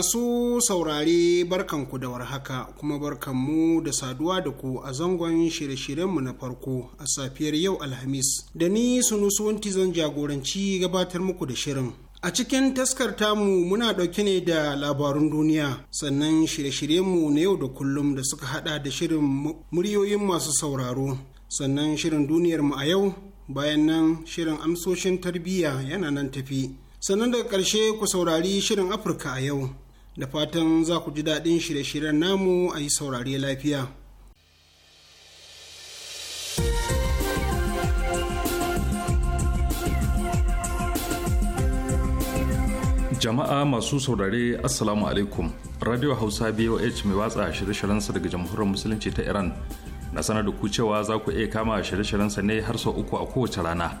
Masu saurare barkanku da warhaka kuma barkanmu da saduwa da ku a zangon shirye-shiryenmu na farko a safiyar yau Alhamis. Da ni sunusuwanti zan jagoranci gabatar muku da shirin. A cikin taskar tamu muna ɗauke ne da labarun duniya sannan shirye-shiryenmu na yau da kullum da suka hada da shirin muryoyin masu sauraro sannan shirin duniyarmu a yau bayan nan shirin amsoshin tarbiyya yana nan tafi. sannan daga ƙarshe ku saurari shirin afirka a yau da fatan za ku ji daɗin shirye-shiryen namu a yi saurare lafiya. jama'a masu saurare assalamu alaikum radio hausa boh mai watsa shirye-shiryensa daga jamhuriyar musulunci ta iran na sanar da ku cewa za ku iya kama shirye-shiryensa ne har sau uku a kowace rana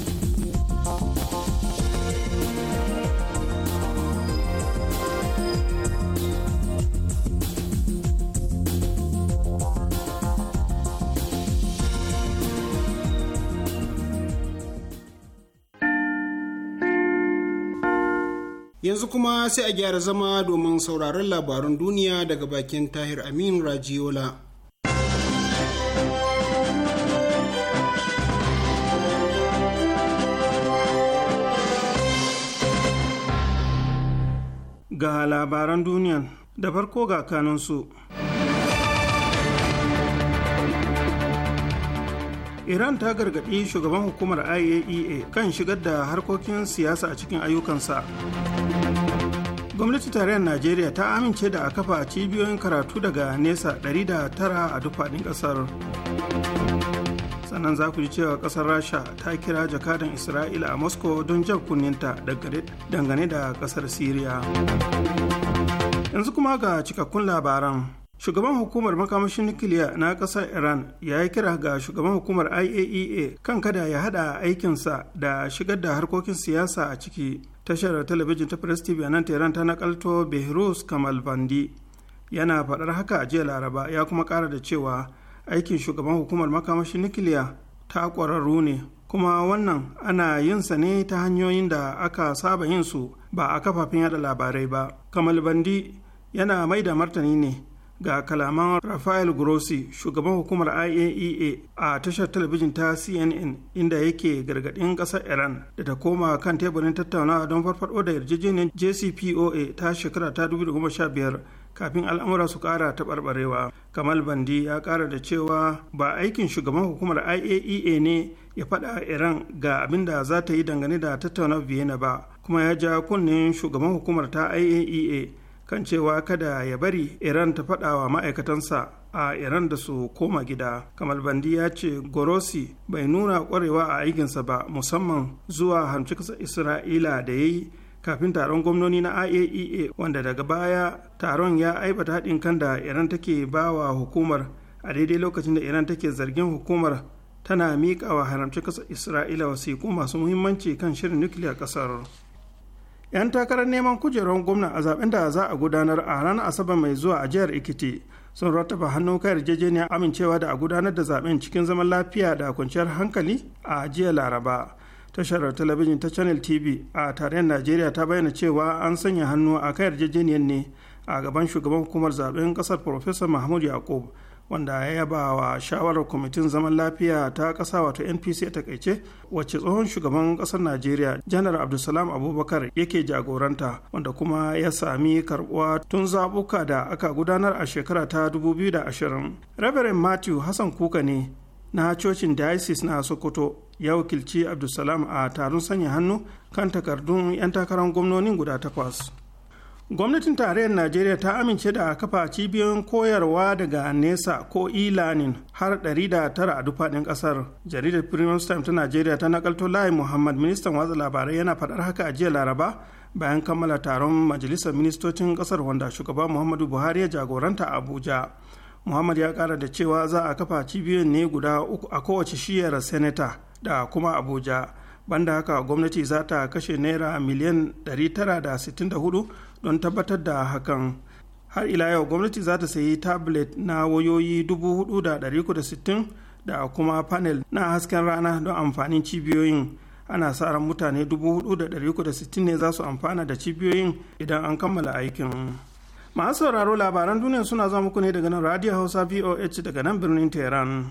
Yanzu kuma sai a gyara zama domin sauraron labarun duniya daga bakin Tahir Amin Rajiola. Ga labaran duniya da farko ga kanunsu. Iran ta gargaɗi shugaban hukumar IAEA e kan shigar da harkokin siyasa a cikin ayyukansa. gwamnati tarayyar najeriya ta amince da a kafa cibiyoyin karatu daga nesa 109 a duk faɗin ƙasar sannan za ku ji cewa ƙasar rasha ta kira jakadan isra'ila a moscow don jan kunninta dangane da ƙasar syria yanzu kuma ga cikakkun labaran shugaban hukumar makamashin nukiliya na ƙasar iran ya yi kira ga shugaban hukumar iaea e kan kada ya hada aikinsa da shigar da harkokin siyasa a ciki tashar talabijin ta press tv nan tehran ta nakalto behrus kamal bandi yana faɗar haka a jiya laraba ya kuma ƙara da cewa aikin shugaban hukumar makamashin nukiliya ta ƙwararru ne kuma wannan ana yin sa ne ta hanyoyin da aka saba yin su ba a kafafen yada labarai ba kamal bandi yana mai da martani ne ga kalaman rafael grossi shugaban hukumar iaea e a tashar talabijin ta cnn inda yake gargadin kasar iran da ta koma kan teburin tattaunawa don farfado da yarjejeniyar jcpoa ta shekara ta 2015 kafin al'amura su kara taɓarɓarewa kamal bandi ya kara da cewa ba aikin shugaban hukumar iaea e ne ya faɗa iran ga abin da za ta yi dangane da tattaunawar vienna ba kuma ya ja kunnen shugaban hukumar ta iaea e kan cewa kada ya bari iran ta faɗa wa ma'aikatansa a iran da su koma gida kamal bandi ya ce gorosi bai nuna ƙwarewa a aikinsa ba musamman zuwa hamci isra'ila da ya yi kafin taron gwamnoni na iaea e wanda daga baya taron ya aibata haɗin kan da iran take bawa hukumar a daidai lokacin da iran take zargin hukumar tana miƙa wa haramci ƙasar isra'ila wasiƙu masu muhimmanci kan shirin nukiliyar ƙasar 'yan takarar neman kujerar gwamna a zaɓen da za a gudanar a ranar asabar mai zuwa a jihar ikiti sun rattaba hannu kan yarjejeniyar amincewa da a gudanar da zaɓen cikin zaman lafiya da kwanciyar hankali a jiya laraba tashar talabijin ta channel tv a tarayyar najeriya ta bayyana cewa an sanya hannu a kan yarjejeniyar ne a gaban shugaban hukumar zaben kasar professor mahmud yakub wanda ya yaba wa shawarar kwamitin zaman lafiya ta ƙasa wato npc a takaice wacce tsohon shugaban ƙasar najeriya janar abdulsalam abubakar yake jagoranta wanda kuma ya sami karbuwa tun zaɓuka da aka gudanar a shekara ta 2020 reverend matthew hassan kuka ne na cocin diocese na sokoto ya wakilci abdulsalam a taron sanya hannu kan takardun 'yan takarar gwamnonin guda takwas gwamnatin tarayyar najeriya ta amince da a kafa cibiyoyin koyarwa daga nesa ko e-learning har tara a dufaɗin ƙasar jaridar premium time ta najeriya ta nakalto layi muhammad ministan watsa labarai yana faɗar haka a jiya laraba bayan kammala taron majalisar ministocin ƙasar wanda shugaba muhammadu buhari ya jagoranta a abuja muhammad ya ƙara da cewa za a kafa cibiyoyin ne guda uku a kowace shiyar senata da kuma abuja banda haka gwamnati za ta kashe naira miliyan 964 don tabbatar da hakan har ila yau gwamnati za ta sayi tablet na wayoyi 4,360 da kuma panel na hasken rana don amfanin cibiyoyin ana sa ran mutane 4,360 ne za su amfana da cibiyoyin idan an kammala aikin masu sauraro labaran duniya suna zama muku ne daga nan radio hausa voh daga nan birnin tehran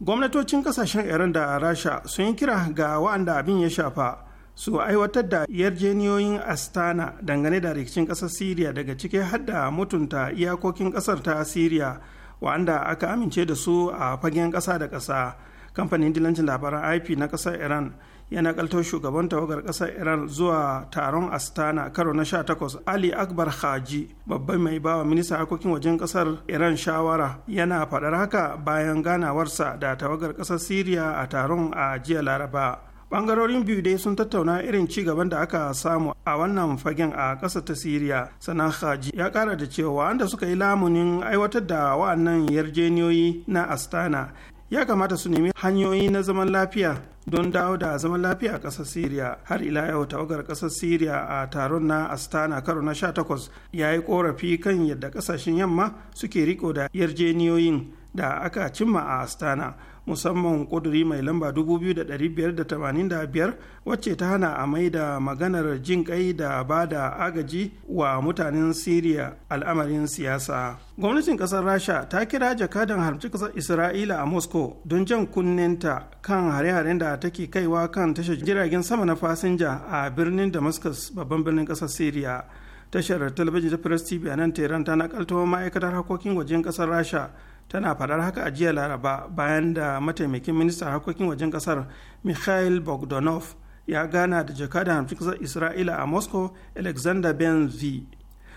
gwamnatocin kasashen iran da rasha sun yi kira ga wa'anda abin ya shafa su aiwatar da yarjeniyoyin astana dangane da rikicin ƙasar syria daga ciki hadda mutunta iyakokin ƙasar ta syria wa'anda aka amince da su a fagen ƙasa da ƙasa kamfanin dilancin labaran ip na kasar iran ya nakalto shugaban tawagar ƙasar iran zuwa taron astana karo na 18 ali akbar haji babban mai bawa minista harkokin wajen ƙasar iran shawara yana faɗar haka bayan ganawarsa da tawagar ƙasar syria a taron a jiya laraba bangarorin biyu dai sun tattauna irin ci gaban da aka samu a wannan fagen a ƙasa ta siriya sana haji ya ƙara da cewa wanda suka yi lamunin aiwatar da wa'annan yarjeniyoyi na astana ya kamata su nemi hanyoyi na zaman lafiya don dawo da zaman lafiya a ƙasar Siriya har ila yau tawagar ƙasar Siriya a taron na Astana karo na 18 ya yi korafi kan yadda ƙasashen yamma suke riko da yarjeniyoyin da aka cimma a Astana musamman ƙuduri mai lamba 2585 wacce ta hana a mai da maganar jin kai da ba da agaji wa mutanen siriya al'amarin siyasa gwamnatin ƙasar rasha ta kira jakadan harci kasar isra'ila a moscow don jan kunnenta kan hare-haren da take kaiwa kan tashar jiragen sama na fasinja a birnin damascus babban birnin ƙasar siriya tashar talabijin ta press tv a nan tehran ta nakalto ma'aikatar harkokin wajen ƙasar rasha tana faɗar haka a jiya laraba bayan da mataimakin ministan harkokin wajen ƙasar mikhail bogdanov ya gana da jakadan kasar isra'ila a moscow alexander ben v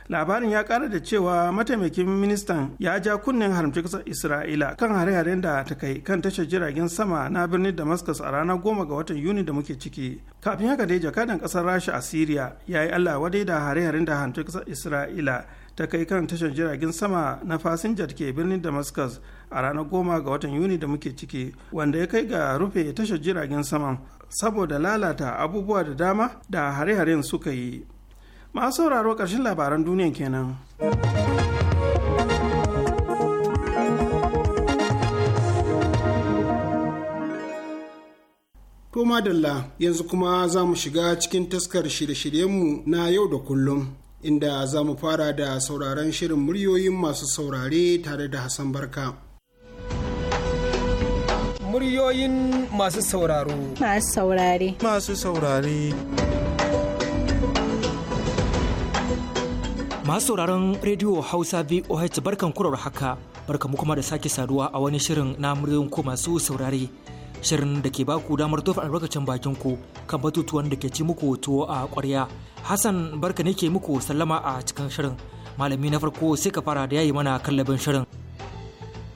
labarin ya kara da cewa mataimakin ministan ya ja kunnen haramci kasar isra'ila kan hare-haren da ta kai kan tashar jiragen sama na birnin damascus a ranar goma ga watan yuni da muke ciki kafin haka dai jakadan kasar rasha a syria ya yi allah wadai da hare-haren da haramci kasar isra'ila ta kai kan tashar jiragen sama na fasinja da ke birnin damascus a ranar goma ga watan yuni da muke ciki wanda ya kai ga rufe tashar jiragen sama saboda lalata abubuwa da dama da hare-haren suka yi masu sauraro ƙarshen labaran duniya kenan. To madalla yanzu kuma za mu shiga cikin taskar shirye-shiryenmu na yau da kullum. inda za mu fara da sauraron shirin muryoyin masu saurare tare da Hassan Barka. Muryoyin masu sauraro. Masu saurare. Masu saurare. Masu sauraron rediyo Hausa VOH barkan kurar haka barkamu kuma da sake saduwa a wani shirin na muryoyin ko masu saurare. Shirin da ke baku damar tofa albarkacin bakin ku kan batutuwan da ke ci muku tuwo a ƙwarya Hassan barka ne ke muku sallama a cikin shirin. Malami na farko sai ka fara da yayi mana kallabin shirin.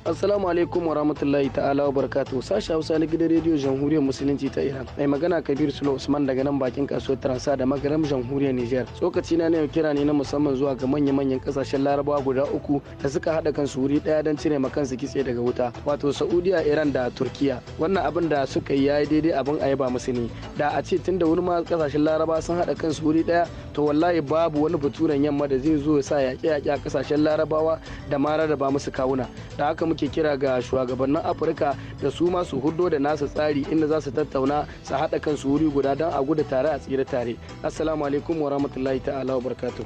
Assalamu alaikum wa rahmatullahi ta'ala wa barakatuh. Sashi Hausa na gidan rediyo Jamhuriyar Musulunci ta Iran. Mai magana Kabir Sulo Usman daga nan bakin kasuwar Transa da Magaram Jamhuriyar Niger. Tsokaci na yau kira ne na musamman zuwa ga manya-manyan kasashen Larabawa guda uku da suka hada kansu wuri daya don cire kansu kitse daga wuta. Wato Saudiya, Iran da Turkiya. Wannan abin da suka yi yayi daidai abin a yaba musu ne. Da a ce tunda wani ma kasashen Larabawa sun hada kansu wuri daya to wallahi babu wani baturen yamma da zai zo ya sa yaƙe-yaƙe a kasashen Larabawa da ma rarraba musu kawuna. Da haka muke kira ga shugabannin afirka da su ma su hudo da nasu tsari inda za su tattauna su haɗa su wuri guda don a guda tare a tsira tare assalamu alaikum wa rahmatullahi ta'ala wa barakatuh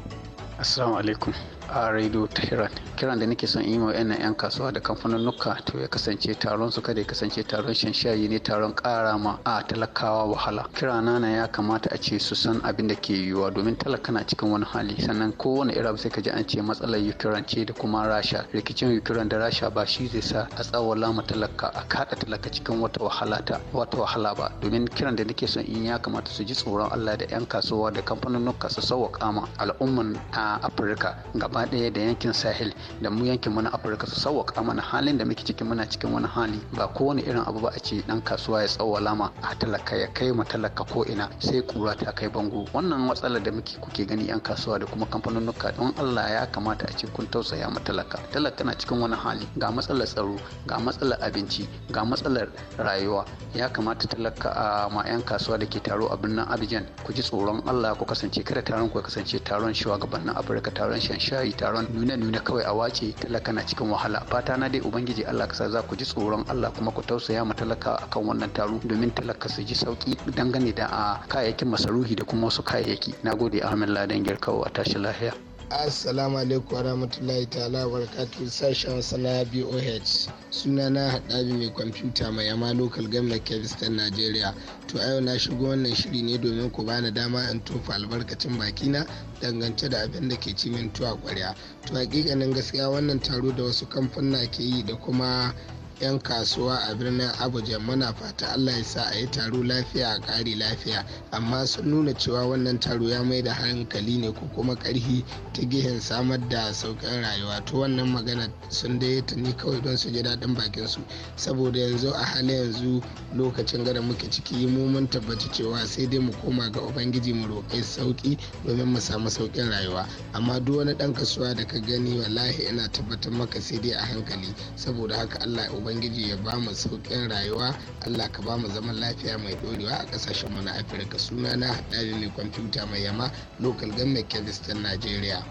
assalamu alaikum a radio tehran kiran da nake son yi ma yan yan kasuwa da nuka to ya kasance taron su kada ya kasance taron shayi ne taron kara ma a talakawa wahala kira nana ya kamata a ce su san abin da ke yiwuwa domin talaka na cikin wani hali sannan kowane ira sai ka ji an ce matsalar ukraine ce da kuma rasha rikicin ukraine da rasha ba shi zai sa a tsawala ma talaka a kada talaka cikin wata wahala ta wata wahala ba domin kiran da nake son in ya kamata su ji tsoron Allah da yan kasuwa da kamfanin nuka su sauwaka ma al'umman a Afirka gaba gaba ɗaya da yankin sahel da mu yankin mu afirka su sauwaka mana halin da muke ciki muna cikin wani hali ba kowane irin abu ba a ce dan kasuwa ya tsawo lama a talaka ya kai ma talaka ko ina sai kura ta kai bango wannan matsalar da muke kuke gani yan kasuwa da kuma kamfanonuka don allah ya kamata a ce kun tausaya ma talaka talaka na cikin wani hali ga matsalar tsaro ga matsalar abinci ga matsalar rayuwa ya kamata talaka a ma yan kasuwa da ke taro a birnin abidjan ku ji tsoron allah ku kasance kada taron ku kasance taron gabanin afirka taron shanshayi yi taron nuna nuna kawai a wace talaka na cikin wahala fata na dai ubangiji Allah kasa za ku ji tsoron Allah kuma ku tausaya ma talaka akan wannan taro domin talaka su ji sauki dangane da a kayayyakin masaruhi da kuma wasu kayayyaki nagode Ahmed Ladan Girkawo a tashi lahiya assalamu alaikum warahmatullahi ta'ala barakatu sashen sana boh suna na haɗabi mai kwamfuta mai yama local government kevistan nigeria to a yau na shigo wannan shiri ne domin ku bani dama in tofa albarkacin bakina dangance da abin da ke ci min tuwa kwarya to hakikanin gaskiya wannan taro da wasu kamfuna ke yi da kuma 'yan kasuwa a birnin abuja muna fata allah ya sa a yi taro lafiya a ƙari lafiya amma sun nuna cewa wannan taro ya mai da hankali ne ko kuma ƙarfi ta gihin samar da sauƙin rayuwa to wannan magana sun dai ta ni kawai don su ji daɗin bakin su saboda yanzu a halin yanzu lokacin gada muke ciki mu mun tabbaci cewa sai dai mu koma ga ubangiji mu roƙi sauƙi domin mu samu sauƙin rayuwa amma duk wani ɗan kasuwa da ka gani wallahi ina tabbatar maka sai dai a hankali saboda haka allah ya ubangiji ya ba mu sauƙin rayuwa allah ka ba mu zaman lafiya mai ɗorewa a ƙasashen mu na afirka suna haɗari ne kwamfuta mai yama local government kebistan nigeria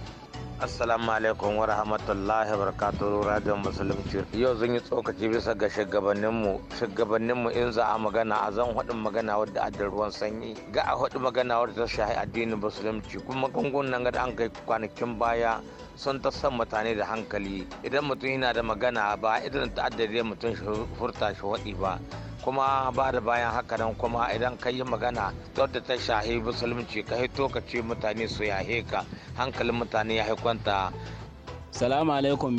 assalamu alaikum wa rahmatullahi barakatuhu radio musulunci yau zan yi tsokaci bisa ga shugabannin mu in za a magana a zan hudu magana wadda adda ruwan sanyi ga a hudu magana wadda ta shahi addinin musulunci kuma gungun nan ga an kai kwanakin baya sun ta san mutane da hankali idan mutum yana da magana ba idan ta'addade mutum furta shi waɗi ba kuma ba da bayan haka nan kuma idan ka yi magana da ta shahi musulunci ka hito ka ce mutane su yahe ka hankalin mutane ya kwanta Salamu alaikum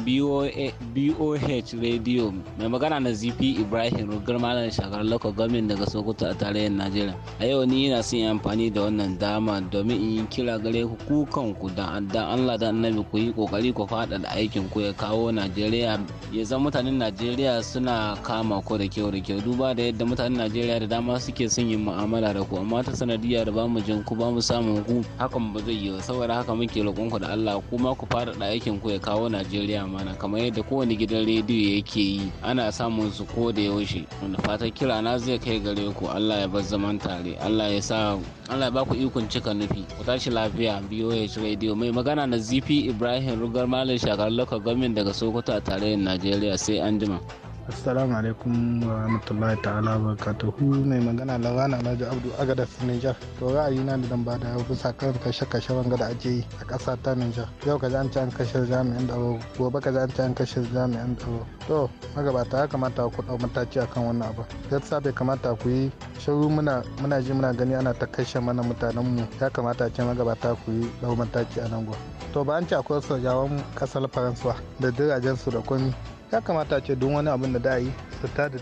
BOH Radio mai magana na ZP Ibrahim Rugar Malam Shagar Gamin daga Sokoto a tarayyar Najeriya. A yau ni yana son yi amfani da wannan dama domin in yi kira gare ku kukan ku da Allah da annabi ku yi kokari ku faɗa da aikin ku ya kawo Najeriya ya zan mutanen Najeriya suna kama ko da kyau da kyau duba da yadda mutanen Najeriya da dama suke son yin mu'amala da ku amma ta sanadiyar da bamu jin ku bamu samun ku hakan ba zai yi saboda haka muke roƙon ku da Allah kuma ku faɗa da aikin ku ya kawo najeriya mana kamar yadda kowane gidan rediyo yake yi ana samun su ko da yaushe wanda fatan kira na zai kai gare ku allah ya bar zaman tare allah ya sa allah ya ba ku ikon cika nufi ku tashi lafiya boh rediyo mai magana na zp ibrahim rugar malam shakar lokacin gwamnati daga sokoto a tarayyar najeriya sai anjima. assalamu alaikum wa rahmatullahi ta'ala wa barakatuhu mai magana lawana alhaji abdu agada niger to na da zan da yau bisa kan kashe kashe wanga da ake yi a ƙasa ta niger yau ka an ci an kashe jami'an tsaro gobe ka an ci an kashe jami'an tsaro to magabata ya kamata ku ɗau mataki akan wannan abu yasa bai kamata ku yi shiru muna muna ji muna gani ana ta kashe mana mutanen mu ya kamata ce magabata ku yi ɗau mataki a nan gwa to ba an ci akwai sojawan ƙasar faransuwa da dirajen su da komi ya kamata ce duk wani abin da da yi su ta da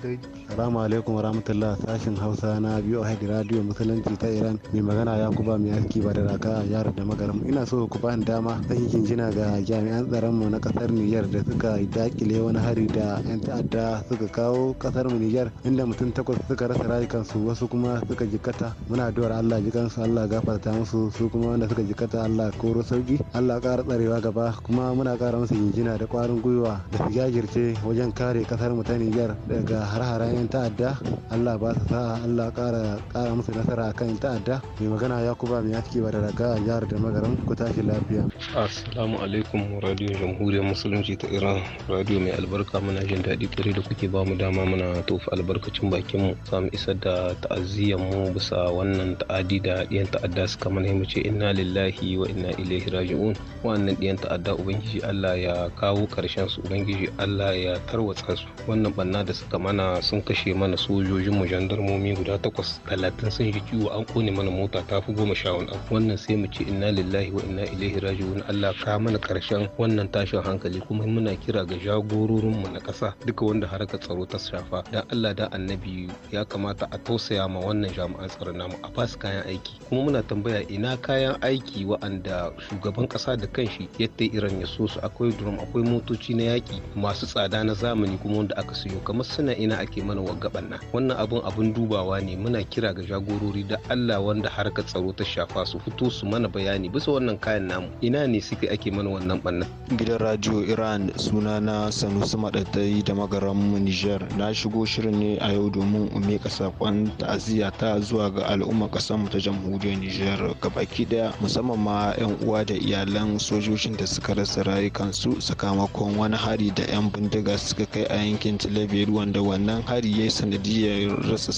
Assalamu alaikum warahmatullahi sashin Hausa na biyu a Radio Musulunci ta Iran mai magana ya kuba mai aski ba da raka yara da magaram ina so ku bani dama zan yi jinjina ga jami'an tsaron mu na kasar Niger da suka dakile wani hari da yan ta'adda suka kawo kasar mu Niger inda mutum takwas suka rasa rayukansu wasu kuma suka jikata muna addu'ar Allah jikansu Allah gafarta musu su kuma wanda suka jikata Allah koro sauki Allah ƙara tsarewa gaba kuma muna kara musu jinjina da kwarin gwiwa da su jajirce wajen kare kasar mu ta Niger daga har-haren kan ta'adda allah ba su sa'a allah kara kara musu nasara kan ta'adda mai magana yakuba mai aski ba da raga a jihar da magaran ku tashi lafiya assalamu alaikum radio jamhuriyar musulunci ta iran radio mai albarka muna jin daɗi kwarai da kuke ba mu dama muna tofa albarkacin bakin mu samu isar da ta'aziyyar mu bisa wannan ta'adi da ɗiyan ta'adda suka mana yi muce inna lillahi wa inna ilaihi raji'un wannan ɗiyan ta'adda ubangiji allah ya kawo karshen su ubangiji allah ya tarwatsa su wannan banna da suka mana sun kashe mana sojojin mu jandarmomi guda takwas talatin sun ji ciwo an kone mana mota ta fi goma sha wani wannan sai mu ce inna lillahi wa inna ilaihi raji'un Allah ka mana karshen wannan tashin hankali kuma muna kira ga jagororin mu na kasa duka wanda harkar tsaro ta shafa dan Allah da annabi ya kamata a tausaya ma wannan jami'an tsaron namu a fasu kayan aiki kuma muna tambaya ina kayan aiki wa'anda shugaban kasa da kanshi yadda irin ya so su akwai drum akwai motoci na yaki masu tsada na zamani kuma wanda aka siyo kamar suna ina ake mana waggaban nan wannan abun abun dubawa ne muna kira ga jagorori da Allah wanda harkar tsaro ta shafa su fito su mana bayani bisa wannan kayan namu ina ne suke ake mana wannan bannan gidan radio Iran suna na Sanusi madadai da magaran mu Niger na shigo shirin ne a yau domin ume sakon ta'aziyya ta zuwa ga al'umma kasar mu ta jamhuriyar Niger gabaki daya musamman ma yan uwa da iyalan sojojin da suka rasa rayukansu sakamakon wani hari da yan bindiga suka kai a yankin Tilaberi wanda wannan hari hari ya yi sanadiyar rasa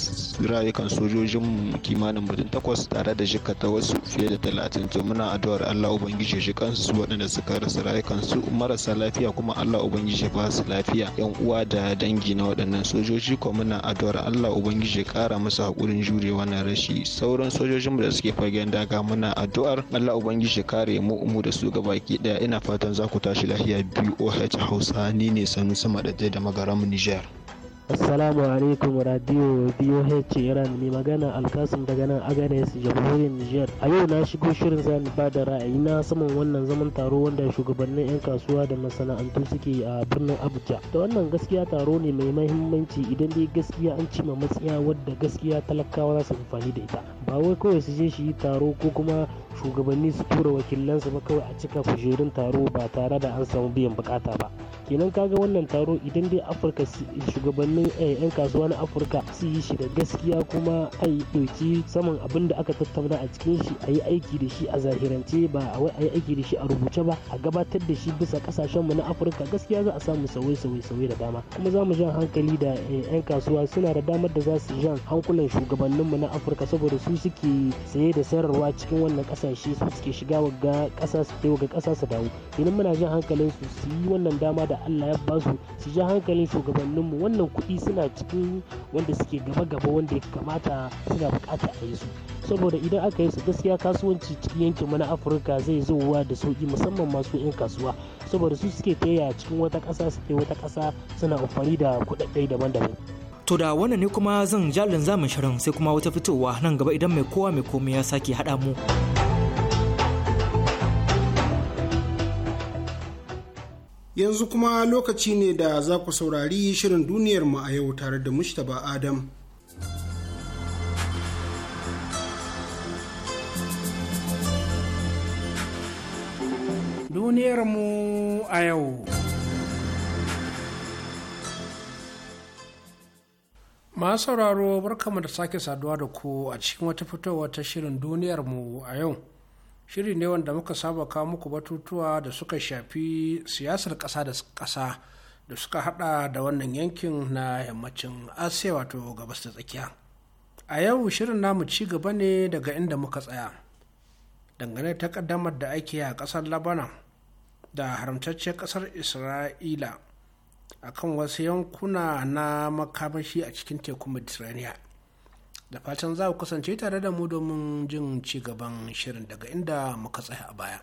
rayukan sojojin kimanin mutum takwas tare da jikata wasu fiye da talatin to muna addu'ar Allah ubangiji shi kansu waɗanda suka rasa rayukansu marasa lafiya kuma Allah ubangiji ba su lafiya yan uwa da dangi na waɗannan sojoji kuma muna addu'ar Allah ubangiji kara musu haƙurin jure wannan rashi sauran sojojin da suke fagen daga muna addu'ar Allah ubangiji kare mu mu da su gabaki ɗaya ina fatan za ku tashi lafiya BOH Hausa ni ne sanu sama da da magaram Niger Assalamu alaikum radio BOH Iran mai magana Alkasim daga nan Agadez jamhuriyar Nijar. A yau na shigo shirin zan ba da ra'ayi na saman wannan zaman taro wanda shugabannin 'yan kasuwa da masana'antu suke a birnin Abuja. Da wannan gaskiya taro ne mai mahimmanci idan dai gaskiya an cima matsaya wadda gaskiya talakawa za su amfani da ita. ba wai kawai su je shi yi taro ko kuma shugabanni su tura wakilansu ba kawai a cika kujerun taro ba tare da an samu biyan bukata ba kenan kaga wannan taro idan dai afirka shugabannin eh, yan kasuwa na afirka su yi shi da gaskiya kuma a yi ɗauki saman abin da aka tattauna a cikin shi a yi aiki da shi a zahirance ba a wai a yi aiki da shi a rubuce ba a gabatar da shi bisa kasashenmu na afirka gaskiya za a samu sauye-sauye da dama kuma za mu jan hankali da eh, yan kasuwa suna da damar da za su jan hankulan shugabanninmu na afirka saboda su shi suke saye da sayarwa cikin wannan kasashe su suke shiga waga kasa su kai waga kasa su dawo idan muna jin hankalin su su yi wannan dama da Allah ya ba su su hankalin shugabannin mu wannan kuɗi suna cikin wanda suke gaba gaba wanda ya kamata suna bukata a yi su saboda idan aka yi su gaskiya kasuwanci cikin yankin mu na Afirka zai zo wa da sauki musamman masu 'yan kasuwa saboda su suke taya cikin wata kasa su kai wata kasa suna amfani da kuɗaɗɗai daban-daban To da wannan ne kuma zan jalin zamun shirin sai kuma wata fitowa nan gaba idan mai kowa mai komai ya sake haɗa mu. Yanzu kuma lokaci ne da za ku saurari shirin duniyar mu a yau tare da Mushtaba Adam. Duniyar mu a yau. masu sauraro barkamu da sake saduwa da ku a cikin wata fitowa ta shirin duniyar mu a yau shiri ne wanda muka saba kawo muku batutuwa da suka shafi siyasar ƙasa da ƙasa da suka hada da wannan yankin na yammacin asiya wato gabas da tsakiya a yau shirin namu ci gaba ne daga inda muka tsaya dangane ta kaddamar da ake a ƙasar labanan da haramtacciyar ƙasar isra'ila akan wasu yankuna na makamashi a cikin tekun mediterranean da fatan za ku kasance tare da mu domin jin ci gaban shirin daga inda muka tsaya a baya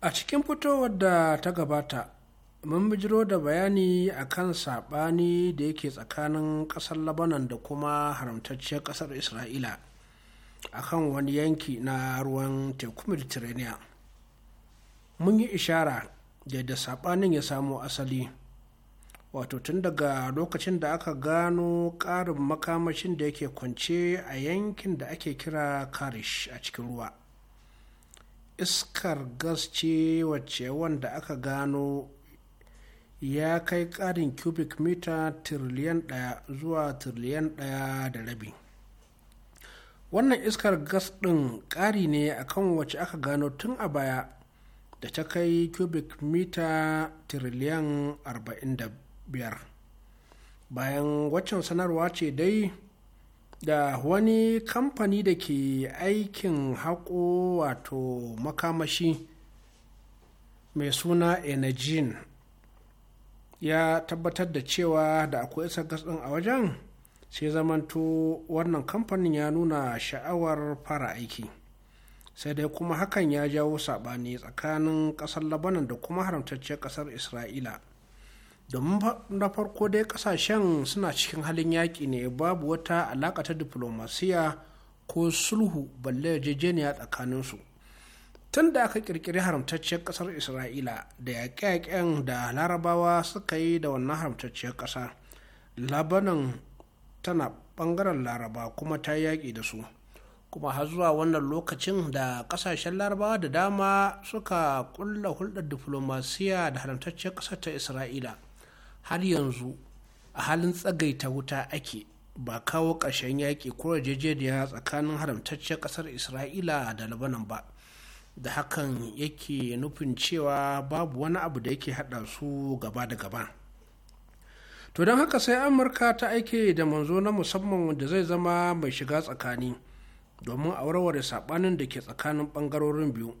a cikin fitowar da ta gabata mun bijiro da bayani a kan saɓani da yake tsakanin ƙasar labanan da kuma haramtacciyar ƙasar isra'ila a kan wani yanki na ruwan teku mediterranean mun yi ishara da yadda saɓanin ya samo asali wato tun daga lokacin da aka gano ƙarin makamashin da yake kwance a yankin da ake kira karish a cikin ruwa iskar gas ce wacce wanda aka gano ya kai ƙarin cubic mita tiriliyan ɗaya zuwa tiriliyan ɗaya da rabi wannan iskar gas ɗin ƙari ne akan wacce aka gano tun a baya da ta kai cubic mita tiriliyan 45 bayan waccan sanarwa ce dai da wani kamfani da ke aikin haƙo wato makamashi mai suna energene ya tabbatar da cewa da akwai isar gas ɗin a wajen sai zamanto wannan kamfanin ya nuna sha'awar fara aiki sai dai kuma hakan ya jawo saɓani tsakanin ƙasar labanan da kuma haramtacciyar ƙasar isra'ila domin na farko dai ƙasashen suna cikin halin yaƙi ne babu wata alaƙa ta diflomasiya ko sulhu balle yarjejeniya su tun da aka kirkiri haramtacciyar kasar isra'ila da yaƙe-yaƙen da larabawa suka yi da wannan haramtacciyar ƙasa labanan tana ɓangaren laraba kuma ta yaƙi da su kuma har zuwa wannan lokacin da ƙasashen larabawa da dama suka ƙulla hulɗar diflomasiya da haramtacciyar ƙasar ta isra'ila har yanzu a halin tsagaita wuta ake ba kawo ƙarshen yaƙi ko yarjejeniya tsakanin haramtacciyar ƙasar isra'ila da labanan ba da hakan yake nufin cewa babu wani abu da yake hada su gaba da gaba to don haka sai amurka ta aike da manzo na musamman da zai zama mai shiga tsakani domin a warware sabanin da ke tsakanin bangarorin biyu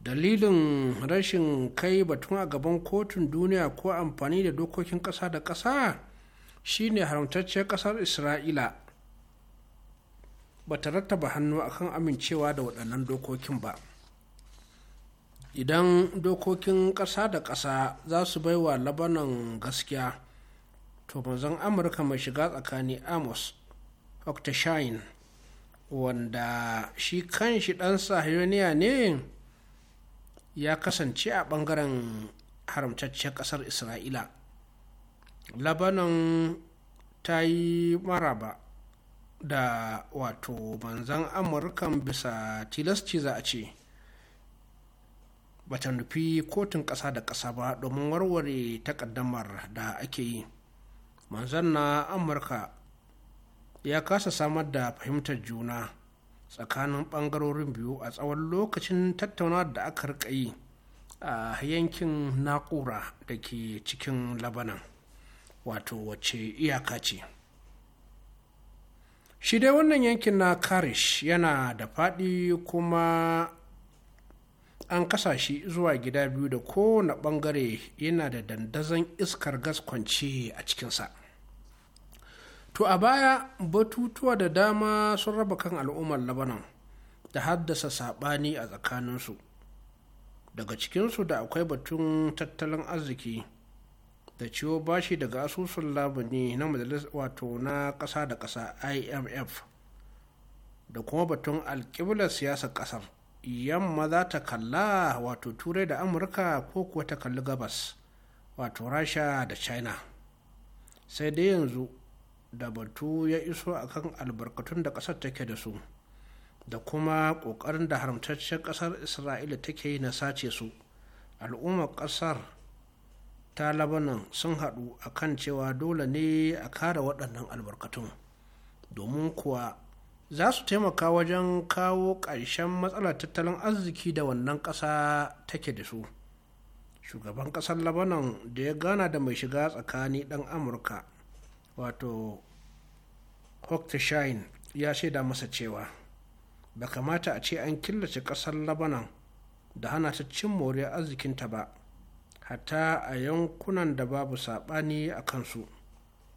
dalilin rashin kai batun a gaban kotun duniya ko amfani da dokokin ƙasa da ƙasa shine haramtacciyar ƙasar isra'ila ba ta rattaba hannu akan amincewa da waɗannan dokokin ba idan dokokin ƙasa da ƙasa za su bai wa labanan gaskiya to manzon amurka mai shiga tsakani amos octashine wanda shi kanshi shi ɗan sahiyoniya ne ya kasance a ɓangaren haramtacciyar ƙasar isra'ila labanan ta yi maraba da wato manzan amurkan bisa tilasci za a ce bata nufi kotun ƙasa da ƙasa ba domin warware takaddamar da ake yi manzan na amurka ya kasa samar da fahimtar juna tsakanin ɓangarorin biyu a tsawon lokacin tattauna da aka rika yi a yankin naƙura da ke cikin labanan wato wacce iyaka ce shi dai wannan yankin na karish yana da faɗi kuma an kasa shi zuwa gida biyu da kowane ɓangare yana da dandazon iskar gas a cikinsa to a baya batutuwa da dama sun raba kan al'ummar labanan da haddasa saɓani a tsakaninsu daga cikinsu da akwai batun tattalin arziki da ciwo bashi daga asusun labani na majalis wato na kasa da kasa imf da kuma batun alƙiblar siyasar kasar yamma za ta kalla wato turai da amurka ko kuwa ta kalli gabas wato rasha da china sai dai yanzu da batu ya iso akan albarkatun da ƙasar take da su da kuma kokarin da haramtaccen kasar isra'ila take yi na sace su al'ummar kasar. ta sun haɗu a kan cewa dole ne a kare waɗannan albarkatun domin kuwa za su taimaka wajen kawo ƙarshen matsalar tattalin arziki da wannan ƙasa take da su shugaban ƙasar labanan da ya gana da mai shiga tsakani ɗan amurka wato Shine ya shaida masa cewa ba kamata a ce an killace ƙasar labanan da hana ta cin moriyar arzikinta ba hatta a yankunan da babu saɓani a kansu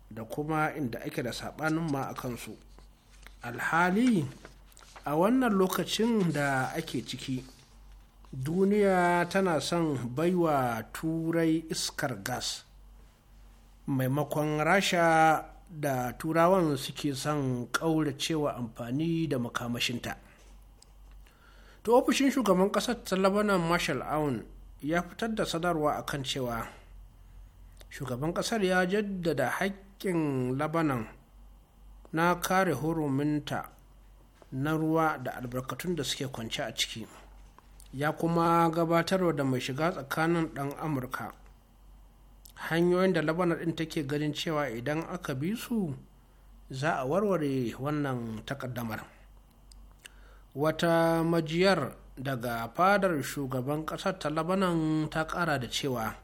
da kuma inda ake da saɓanin ma a kansu alhali a wannan lokacin da ake ciki duniya tana son baiwa turai iskar gas maimakon rasha da turawan suke son ƙauracewa amfani da makamashinta Ta ofishin shugaban ƙasar ta labanan marshal aun ya fitar da sadarwa a kan cewa shugaban kasar ya jaddada haƙƙin labanan na kare huruminta na ruwa da albarkatun da suke kwance a ciki ya kuma gabatarwa da mai shiga tsakanin ɗan amurka hanyoyin da labanan ɗin take ganin cewa idan aka bi su za a warware wannan takaddamar wata majiyar daga fadar shugaban ƙasar ta labanan ta ƙara da cewa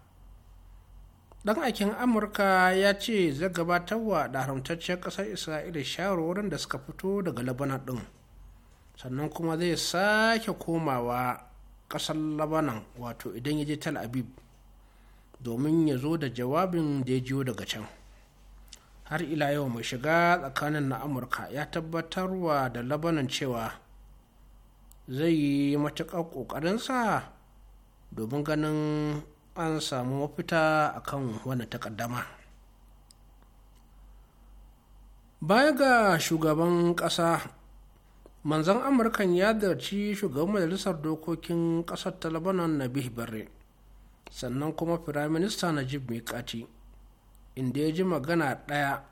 ɗan aikin amurka ya ce zai gabatarwa da haramtacciyar ƙasar isra'ila shawarwarin da suka fito daga labanan ɗin sannan kuma zai sake komawa ƙasar labanan wato idan ya je tel aviv domin ya zo da jawabin da ya jiyo daga can har ila yau mai shiga tsakanin na amurka ya tabbatarwa da labanan cewa zai yi matuƙar ƙoƙarinsa domin ganin an samu mafita a kan wani takaddama baya ga shugaban ƙasa manzan amurkan ya zarci shugaban majalisar dokokin ƙasar ta lebanon na bihbare sannan kuma firaminista najib mikati inda ya ji magana ɗaya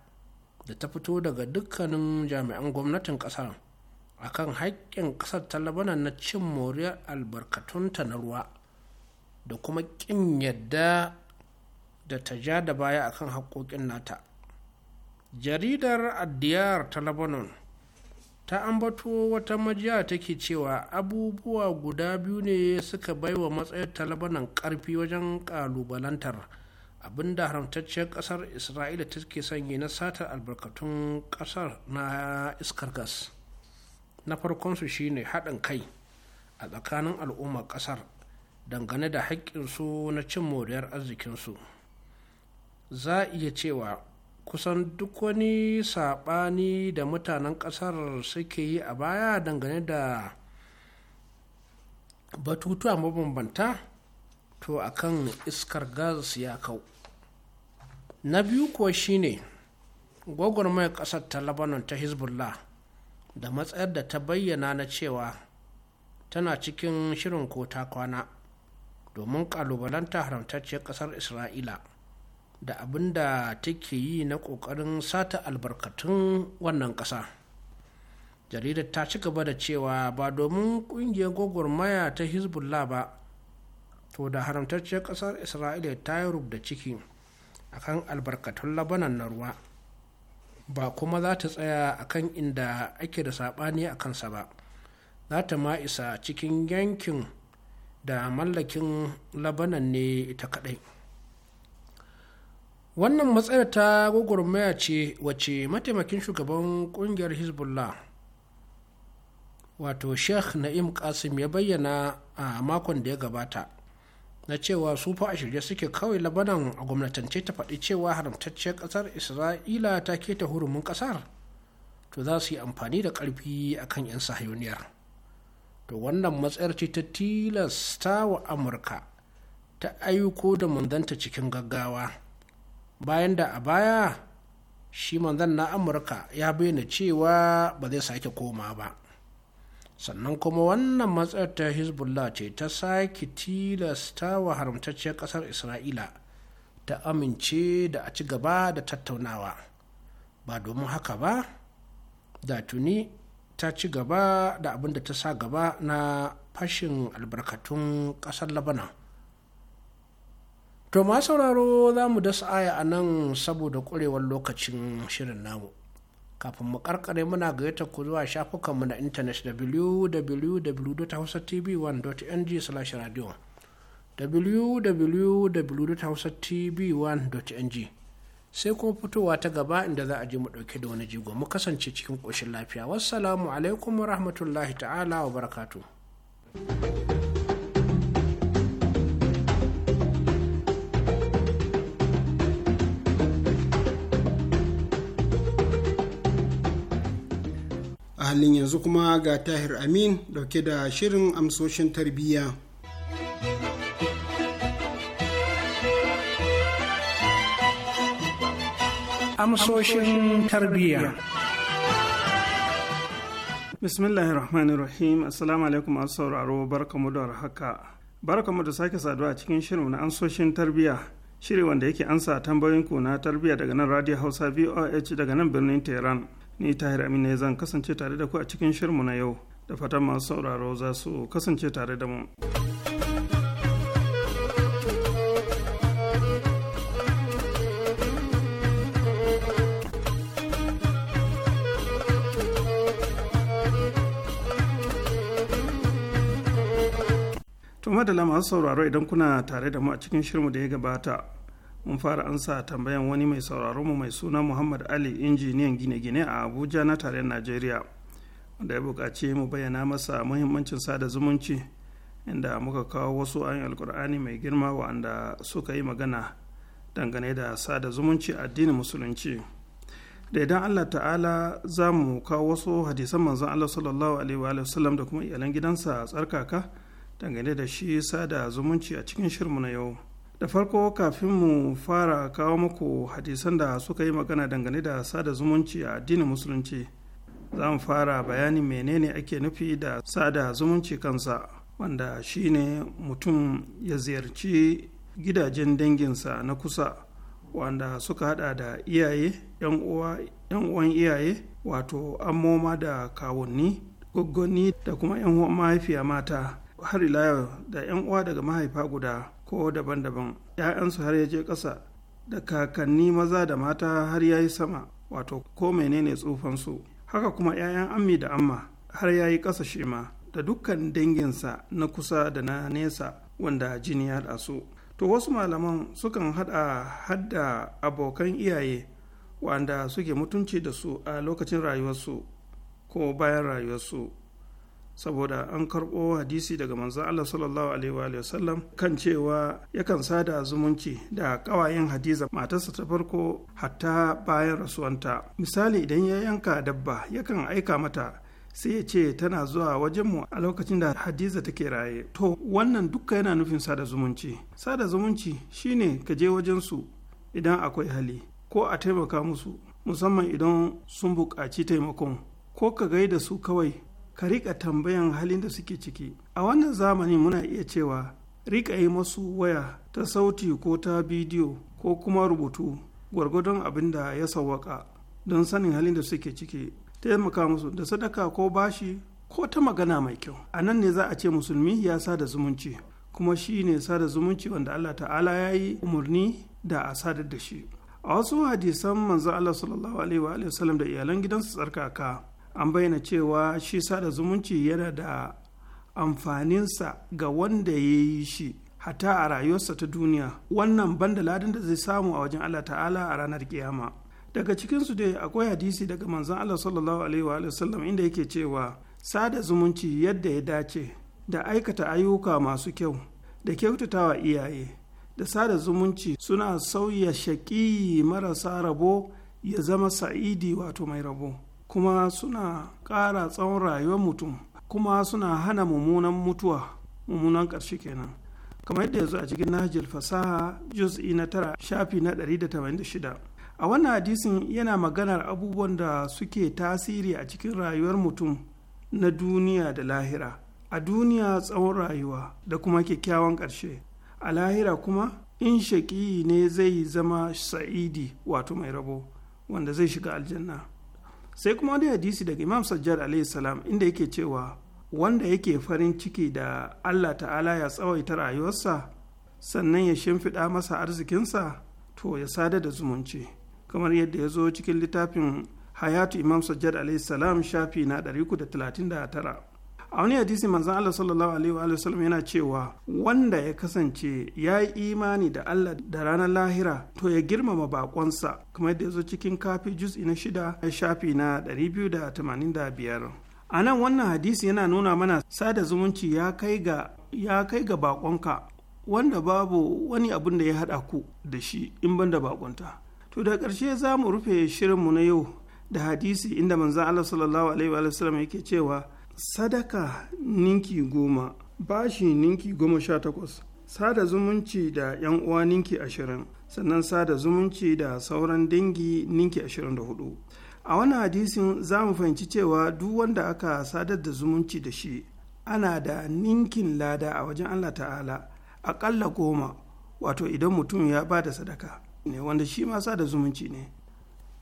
da ta fito daga dukkanin jami'an gwamnatin ƙasar akan haƙƙin ƙasar ta labana na cin moriyar albarkatunta na ruwa da kuma ƙin yadda da ta ja da baya akan haƙoƙin nata jaridar addiyar ta labanon ta ambato wata majiya take cewa abubuwa guda biyu ne suka baiwa matsayar ta labanan ƙarfi wajen ƙalubalantar abinda haramtacciyar ƙasar isra'ila take sanye na satar albarkatun ƙasar na iskar gas. na farkonsu shine haɗin kai a tsakanin al'ummar ƙasar dangane da haƙƙinsu na cin moriyar arzikinsu za a iya cewa kusan duk wani saɓani da mutanen ƙasar suke yi a baya dangane da batutuwa mabambanta to akan iskar gas ya kau na biyu kuwa shine gwagwarmayar ƙasar ta lebanon ta hezbollah da matsayar da ta bayyana na cewa tana cikin shirin ko ta kwana domin kalubalanta haramtacciyar ƙasar isra'ila da abin da take yi na ƙoƙarin sata albarkatun wannan ƙasa jaridar ta ci gaba da cewa ba domin ƙungiyar gwagwarmaya ta hezbollah ba to da haramtacciyar ƙasar isra'ila ta yi rubda ciki akan albarkatun labanan na ruwa ba kuma za ta tsaya a kan inda ake da saɓani a kansa ba za ta ma isa cikin yankin da mallakin labanan ne ita kaɗai wannan matsayar ta gwagwarmaya ce wace mataimakin shugaban ƙungiyar hezbollah wato sheikh na'im kasim ya bayyana a makon da ya gabata na cewa su fa a shirye suke kawai labanan a gwamnatance ta faɗi cewa haramtacciyar ƙasar isra'ila ta keta hurumin ƙasar to za su yi amfani da ƙarfi a kan 'yan sahayoniyar to wannan matsayar ce ta tilasta wa amurka ta aiko da manzanta cikin gaggawa bayan da a baya shi manzan na amurka ya bayyana cewa ba zai sake koma ba sannan kuma wannan matsayar ta hezbollah ce ta sake tilasta wa haramtacciyar kasar isra'ila ta amince da a ci gaba da tattaunawa ba domin haka ba da tuni ta ci gaba da abin da ta sa gaba na fashin albarkatun kasar labanan to ma sauraro za mu dasa aya a nan saboda ƙwarewar lokacin shirin namu kafin mu karkare muna gayyata ku zuwa shafukanmu na intanet www.hausatv1.ng/radio www.hausatv1.ng sai kuma fitowa ta gaba inda za a je mu dauke da wani jigo mu kasance cikin koshin lafiya wassalamu alaikum wa rahmatullahi ta'ala wa barakatu. a halin yanzu kuma ga tahir amin dauke da shirin amsoshin tarbiyya amsoshin tarbiyya bismillahir rahmanir rahim assalamu alaikum masu sauraro barkamu da haka barkamu da sake saduwa a cikin shirin na amsoshin tarbiyya shiri wanda yake ansa tambayoyinku na tarbiyya daga nan radio hausa voh daga nan birnin tehran ni tahir amina zan kasance tare da ku a cikin shirmu na yau da fatan masu sauraro za su kasance tare da mu To madala masu sauraro idan kuna tare da mu a cikin shirmu da ya gabata mun fara ansa tambayan wani mai sauraron mu mai suna muhammad ali injiniyan gine-gine a abuja na tarayyar najeriya wanda ya buƙaci mu bayyana masa muhimmancin sada zumunci inda muka kawo wasu ayin alkur'ani mai girma wa'anda suka yi magana dangane da sada zumunci addinin musulunci da idan allah ta'ala za mu kawo wasu hadisan manzon allah sallallahu alaihi wa sallam da kuma iyalan gidansa tsarkaka dangane da shi sada zumunci a cikin shirmu na yau da farko kafin mu fara kawo muku hadisan da suka yi magana dangane da sada zumunci a addinin musulunci za mu fara bayani menene ake nufi da sada zumunci kansa wanda shine mutum ya ziyarci gidajen danginsa na kusa wanda suka hada da iyaye yan uwan iyaye wato amoma da kawunni gwaggwani da kuma yan uwan mahaifiya mata har ila yau da 'yan uwa daga mahaifa guda ko daban-daban 'ya'yansu har ya je ƙasa da kakanni maza da mata har ya yi sama wato ko menene tsufansu haka kuma 'ya'yan ammi da amma har ya yi ƙasa shi ma da dukkan danginsa na kusa da na nesa wanda jini ya haɗa su to wasu malaman sukan haɗa hadda abokan iyaye wanda suke mutunci da su a lokacin rayuwarsu ko bayan rayuwarsu saboda an karɓo hadisi daga manzon Allah sallallahu alaihi wa sallam kan cewa yakan sada zumunci da ƙawayen hadiza matarsa ta farko hatta bayan rasuwanta misali idan ya yanka dabba yakan aika mata sai ya ce tana zuwa wajenmu a lokacin da hadiza take raye to wannan dukka yana nufin sada zumunci sada zumunci shine ka je wajensu idan akwai hali ko a taimaka musu musamman idan sun buƙaci taimakon ko ka gaida su kawai ka rika tambayan halin da suke ciki a wannan zamani muna iya cewa rika yi masu waya ta sauti ko ta bidiyo ko kuma rubutu gwargwadon abin da ya sawwaka don sanin halin da suke ciki taimaka musu da sadaka ko bashi ko ta magana mai kyau a nan ne za a ce musulmi ya da zumunci kuma shi ne sada zumunci wanda allah ta'ala ya yi umarni da a sadar da shi a wasu hadisan manzo allah sallallahu alaihi wa sallam da iyalan gidansu tsarkaka an bayyana cewa shi sada zumunci yana da amfaninsa ga wanda ya yi shi hata a rayuwarsa ta duniya wannan banda ladin da zai samu a wajen allah ta'ala a ranar kiyama daga cikinsu dai akwai hadisi daga manzon allah sallallahu alaihi wa sallam inda yake cewa sada zumunci yadda ya dace da aikata ayyuka masu kyau da kyautatawa iyaye da sada zumunci suna sauya shaƙi marasa rabo ya zama sa'idi wato mai rabo kuma suna ƙara tsawon rayuwar mutum kuma suna hana mummunan mutuwa mummunan ƙarshe kenan kamar yadda yanzu a cikin nahajil fasaha juz'i na tara shafi na 186 a wannan hadisin yana maganar abubuwan da suke tasiri a cikin rayuwar mutum na duniya da lahira a duniya tsawon rayuwa da kuma kyakkyawan ƙarshe a lahira kuma in shaƙi ne zai zama sa'idi wato mai rabo wanda zai shiga aljanna sai kuma wani hadisi daga imam sajjar alaihi salam inda yake cewa wanda yake farin ciki da allah ta'ala ya tsawaita rayuwarsa sannan ya shimfiɗa masa arzikinsa to ya sada da zumunci kamar yadda ya zo cikin littafin hayatu imam sajjar alaihi salam shafi na tara. a wani hadisi manzan Allah sallallahu alaihi wa sallam yana cewa wanda ya kasance ya yi imani da Allah da ranar lahira to ya girmama bakonsa kamar da zo cikin kafi juz'i na shida shafi na 285 a nan wannan hadisi yana nuna mana sada zumunci ya kai ga ya kai ga bakonka wanda babu wani abin da ya hada ku da shi in ban da bakonta to da ƙarshe za mu rufe shirinmu na yau da hadisi inda manzan Allah sallallahu alaihi wa sallam yake cewa sadaka ninki goma bashi ninki goma sha takwas sada zumunci da yan uwa ninki ashirin sannan sada zumunci da sauran dangi ninki ashirin da hudu a wani hadisin za mu fahimci cewa duk wanda aka sadar da zumunci da shi ana da ninkin lada a wajen allah ta'ala aƙalla goma wato idan mutum ya ba da sadaka ne wanda shi ma sada zumunci ne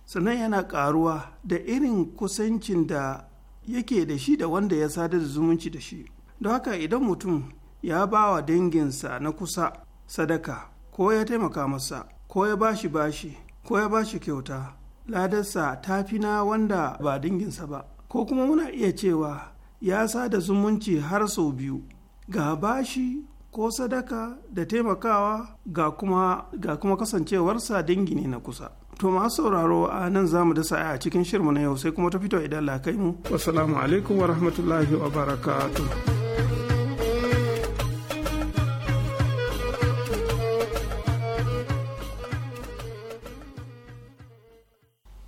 sannan yana ƙaruwa da irin kusancin da yake da shi da wanda ya sadar da zumunci da shi don haka idan mutum ya ba wa danginsa na kusa sadaka ko ya taimaka masa ko ya ba shi bashi ko ya ba shi kyauta ladarsa ta fi na wanda ba danginsa ba ko kuma muna iya cewa ya sada zumunci har sau biyu ga bashi ko sadaka da taimakawa ga kuma ga kuma kasancewarsa dangi ne na kusa to masu sauraro a nan za mu dasa a cikin shirmu na yau sai kuma ta fito idan lakai kai mu wasalamu alaikum wa rahmatullahi wa barakatuh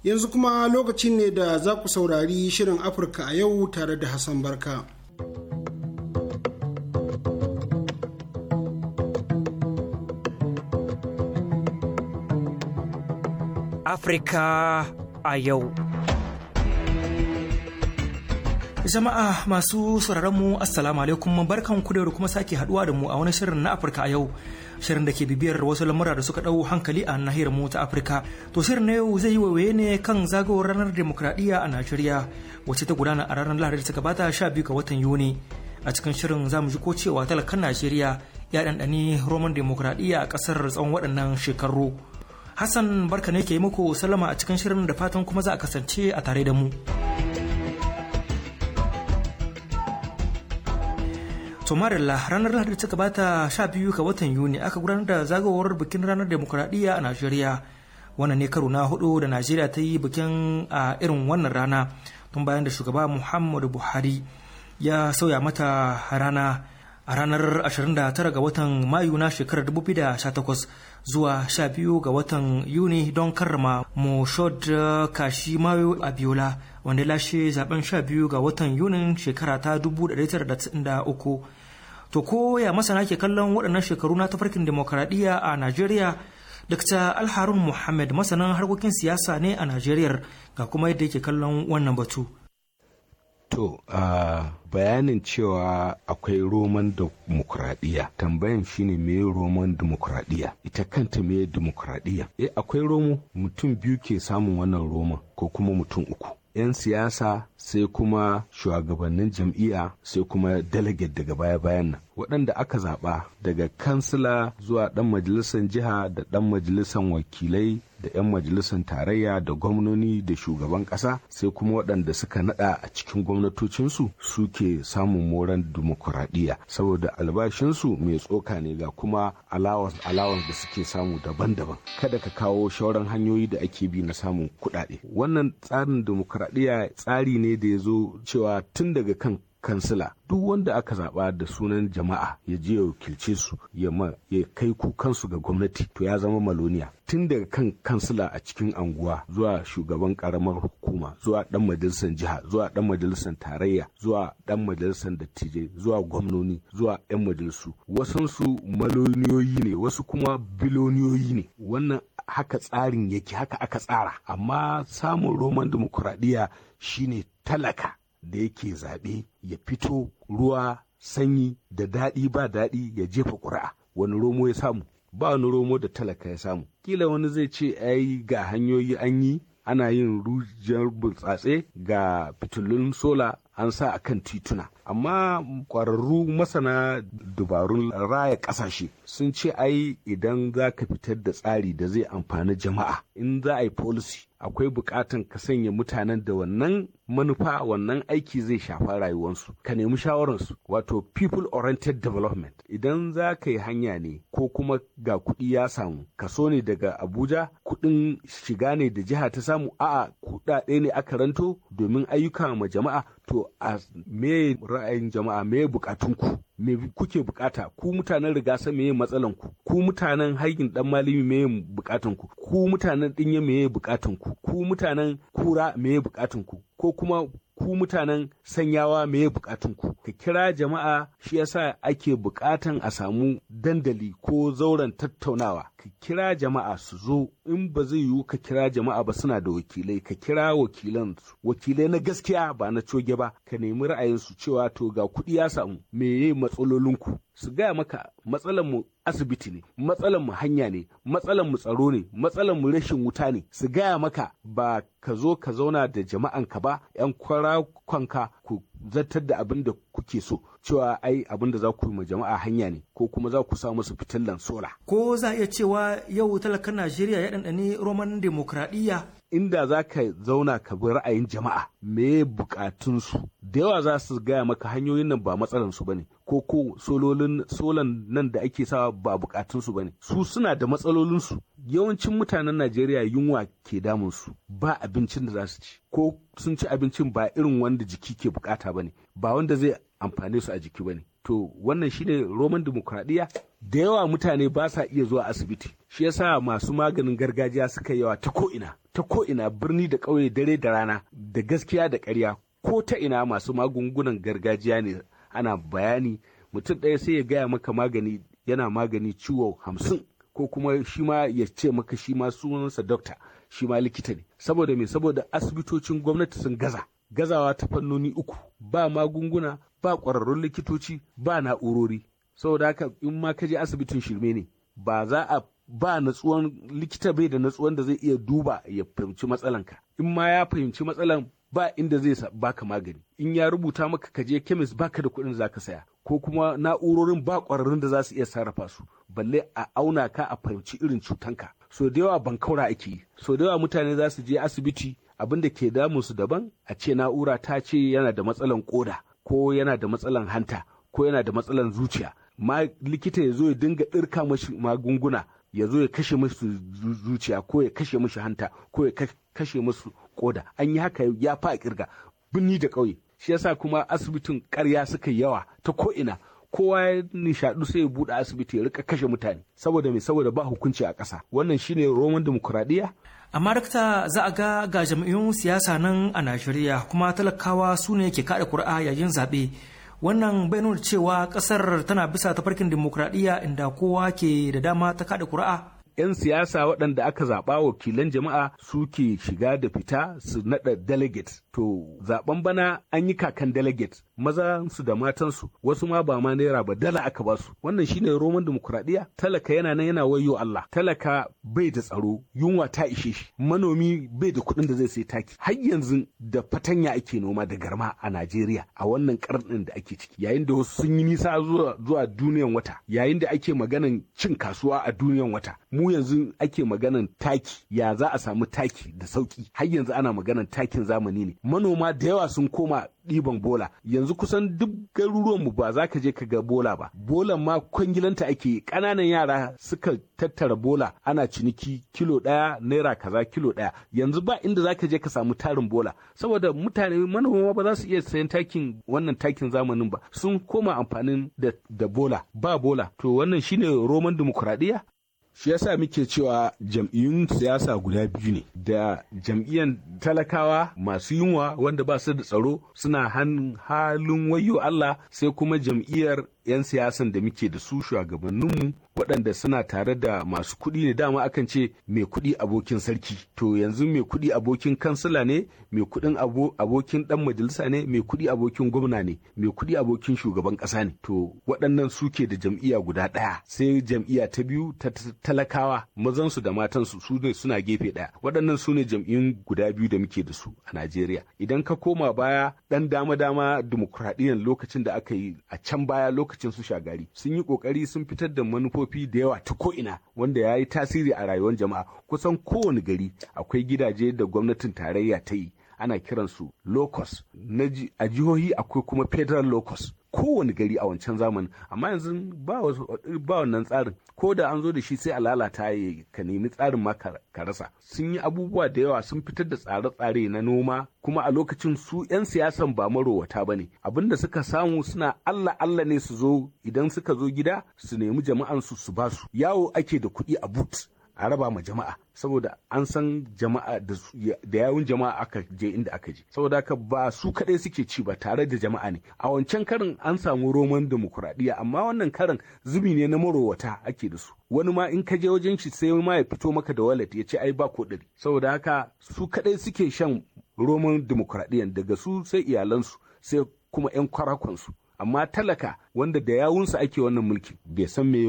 yanzu kuma lokacin ne da za ku saurari shirin afirka a yau tare da hassan barka. Afirka a yau. Jama'a masu sauraron mu Assalamu alaikum barkan ku da kuma sake haduwa da mu a wani shirin na Afirka a yau. Shirin da ke bibiyar wasu lamura da suka ɗau hankali a nahiyar mu ta Afirka. To shirin na yau zai yi waiwaye ne kan zagawar ranar demokradiyya a Najeriya wacce ta gudana a ranar Lahadi da ta gabata 12 ga watan Yuni. A cikin shirin za mu ji ko cewa talakan Najeriya ya dandani Roman demokradiyya a kasar tsawon waɗannan shekaru. Hassan barka ne ke yi muku salama a cikin shirin da fatan kuma za a kasance a tare da mu. Somarila ranar Lahadi ta gabata sha biyu ga watan Yuni aka gudanar da zagawar bikin ranar demokuraɗiyya a Najeriya. Wannan ne karo na hudu da Najeriya ta yi bikin a irin wannan rana tun bayan da shugaba Muhammadu Buhari ya sauya mata rana a ranar 29 ga watan mayu na shekarar 2018 zuwa 12 ga watan yuni don karrama moshod kashi mayu abiola wanda lashe zaben 12 ga watan yunin shekara ta 1993 to ko ya masana ke kallon waɗannan shekaru na tafarkin demokaradiyya a najeriya dr alharun muhammad masanin harkokin siyasa ne a najeriya ga kuma yadda yake kallon wannan batu To, bayanin cewa akwai roman demokuraɗiyya. Tambayan shine me roman demokuraɗiyya? Ita kanta me demokuraɗiyya? E, akwai romo mutum biyu ke samun wannan roman ko kuma mutum uku. 'yan siyasa sai kuma shugabannin jam'iyya sai kuma delegate daga baya-bayan nan waɗanda aka zaɓa daga kansila zuwa ɗan majalisar jiha da ɗan majalisar wakilai da 'yan majalisar tarayya da gwamnoni da shugaban ƙasa sai kuma waɗanda suka naɗa a cikin gwamnatocinsu suke samun moran dimokuraɗiyya saboda albashinsu mai tsoka ne ga kuma alawas alawas da suke samu daban-daban kada ka kawo shauran hanyoyi da ake bi na samun kuɗaɗe wannan tsarin dimokuraɗiyya tsari ne da ya zo cewa tun daga kan kansila duk wanda aka zaba da sunan jama'a ya je ya wakilce su ya kai kukansu ga gwamnati to ya zama maloniya tun daga kan kansila a cikin anguwa zuwa shugaban karamar hukuma zuwa dan majalisar jiha zuwa dan majalisar tarayya zuwa dan majalisar dattijai zuwa gwamnoni zuwa yan majalisu wasansu maloniyoyi ne wasu kuma biloniyoyi ne wannan haka tsarin yake haka aka tsara amma samun roman dimokuraɗiyya shine talaka da yake zaɓe ya fito ruwa sanyi da daɗi ba daɗi ya jefa ƙuri'a wani romo ya samu ba wani romo da talaka ya samu kila wani zai ce ai ga hanyoyi an yi ana yin rujiyar bultsatse ga fitilun sola an sa a kan tituna amma ƙwararru masana dubarun raya kasashe. sun ce ai idan za ka fitar da tsari da zai amfani jama'a in za a yi policy akwai bukatan ka sanya mutanen da wannan manufa wannan aiki zai shafa rayuwarsu ka nemi shawararsu wato people oriented development idan za ka yi hanya ne ko kuma ga kuɗi ya samu kaso ne daga abuja kuɗin shiga ne da jiha ta samu a'a kuɗaɗe ne aka ranto domin ayyuka ma jama'a to a me ra'ayin jama'a me ku me kuke bukata ku mutanen riga san me matsalan ku ku mutanen haigin dan malimi me bukatun ku ku mutanen dinye me bukatan ku ku mutanen kura me bukatan ku ko kuma ku mutanen sanyawa meye bukatun ku ka kira jama'a shi yasa ake bukatan a samu dandali ko zauren tattaunawa ka kira jama'a su zo in ba zai yiwu ka kira jama'a ba suna da wakilai ka kira wakilan wakilai na gaskiya ba na coge ba ka nemi ra'ayinsu cewa to ga kuɗi ya samu meye ku su gaya maka matsalar mu asibiti ne matsalar mu hanya ne matsalar mu tsaro ne matsalar mu rashin wuta ne su gaya maka ba ka zo ka zauna da jama'an ka ba yan kwarakwanka ku zartar da abin da kuke so cewa ai abin da za ku yi ma jama'a hanya ne ko kuma za ku sa musu fitillan sola ko za iya cewa yau talakan najeriya ya ɗanɗani roman demokradiyya inda za ka zauna ka bi ra'ayin jama'a me su da yawa za su gaya maka hanyoyin nan ba matsalansu ba ne ko ko sololin solan nan da ake sawa ba bukatunsu ba ne su suna da matsalolin su yawancin mutanen najeriya yunwa ke su ba abincin da za su ci ko sun ci abincin ba irin wanda jiki ke bukata ba ba wanda zai amfane su a jiki bane to wannan shine roman demokradiyya da yawa mutane ba sa iya zuwa asibiti shi yasa masu maganin gargajiya suka yawa ta ko'ina ta ko ina birni da ƙauye dare da rana da gaskiya da ƙarya ko ta ina masu magungunan gargajiya ne ana bayani mutum ɗaya sai ya gaya maka magani yana magani ciwo hamsin ko kuma shi ma ya ce maka shi ma sunansa dokta shi ma likita ne saboda me saboda asibitocin gwamnati sun gaza gazawa ta fannoni uku ba magunguna ba ƙwararrun likitoci ba na'urori saboda haka in ma ka je asibitin shirme ne ba za a ba natsuwan likita bai da natsuwan da zai iya duba ya fahimci matsalanka in ma ya fahimci matsalan ba inda zai baka magani in ya rubuta maka ka je chemist baka da kuɗin da zaka saya ko kuma na'urorin ba ƙwararrun da za su iya sarrafa su balle a auna ka a fahimci irin cutanka so da yawa bankaura ake yi so da yawa mutane za su je asibiti abin da ke damun su daban a ce na'ura ta ce yana da matsalan koda ko yana da matsalan hanta ko yana da matsalan zuciya ma likita ya zo ya dinga ɗirka mashi magunguna ya zo ya kashe masu zuciya ko ya kashe mashi hanta ko ya kashe masu koda an yi haka ya fa kirga binni da ƙauye shi yasa kuma asibitin ƙarya suka yawa ta ko ina kowa ya nishaɗu sai ya buɗe asibiti ya rika kashe mutane saboda mai saboda ba hukunci a ƙasa wannan shine roman demokuraɗiyya amma dakta za a ga ga jam'iyyun siyasa nan a najeriya kuma talakawa su ne ke kada kura yayin zaɓe wannan bai nuna cewa ƙasar tana bisa ta farkin dimokuraɗiyya inda kowa ke da dama ta kada kura. 'yan siyasa waɗanda aka zaɓa wakilan jama'a suke shiga da fita su naɗa delegate to zaɓen bana an yi kakan delegate Maza su da matan su wasu ma ba ma naira ba dala aka ba su wannan shine roman demokradiya talaka yana nan yana wayo Allah talaka bai da tsaro yunwa ta ishe shi manomi bai da kuɗin da zai sai taki har yanzu da fatanya ake noma da garma a Najeriya a wannan karnin da ake ciki yayin da wasu sun yi nisa zuwa zuwa duniyan wata yayin da ake maganan cin kasuwa a duniyan wata mu yanzu ake maganan taki ya za a samu taki da sauki har yanzu ana maganan takin zamani ne manoma da yawa sun koma ɗiban bola yanzu yanzu kusan duk mu ba za ka je ka ga bola ba bola ma kwangilanta ake ƙananan yara suka tattara bola ana ciniki kilo ɗaya naira kaza kilo ɗaya yanzu ba inda za ka je ka samu tarin bola saboda mutane manoma ba za su iya sayan takin wannan takin zamanin ba sun koma amfanin da, bola ba bola to wannan shine roman dimokuraɗiyya shi yasa muke cewa jam'iyyun siyasa guda biyu ne da jam'iyyan talakawa masu yunwa wanda ba su da tsaro suna halin wayo Allah sai kuma jam'iyyar 'yan siyasan da muke da su shugabanninmu waɗanda suna tare da masu kuɗi ne dama akan ce mai kuɗi abokin sarki to yanzu mai kuɗi abokin kansila ne mai kuɗin abokin ɗan majalisa ne mai kuɗi abokin gwamna ne mai kuɗi abokin shugaban ƙasa ne to waɗannan suke da jam'iyya guda ɗaya sai jam'iyya ta biyu ta talakawa mazansu da matansu su ne suna gefe ɗaya waɗannan su ne jam'iyyun guda biyu da muke da su a Najeriya idan ka koma baya ɗan dama-dama dimokuraɗiyyar lokacin da aka yi a can baya lokacin lokacin su shagari sun yi kokari sun fitar da manufofi da yawa ta ko'ina wanda ya yi tasiri a rayuwar jama'a kusan kowane gari akwai gidaje da gwamnatin tarayya ta yi ana kiransu locus na a jihohi akwai kuma federal locus kowane gari a wancan zamanin amma yanzu ba wannan tsarin ko da an zo da shi sai a lalata ya ka nemi tsarin ma ka rasa sun yi abubuwa da yawa sun fitar da tsare-tsare na noma kuma a lokacin su 'yan siyasan ba marowata ba ne abinda suka samu suna allah allah ne su zo idan suka zo gida su nemi jama'ansu su basu yawo ake da kuɗi a but a raba ma jama'a saboda an san jama'a da yawun jama'a aka je inda aka je saboda haka ba su kadai suke ci ba tare da jama'a ne a wancan karin an samu roman demokuraɗiyya amma wannan karin zubi ne na marowata ake da su wani ma in ka je wajen shi sai ma ya fito maka da walet ya ce ai ba ko ɗari saboda haka su kadai suke shan roman demokuraɗiyyan daga su sai iyalansu sai kuma 'yan kwarakwansu amma talaka wanda da yawunsa ake wannan mulki bai san me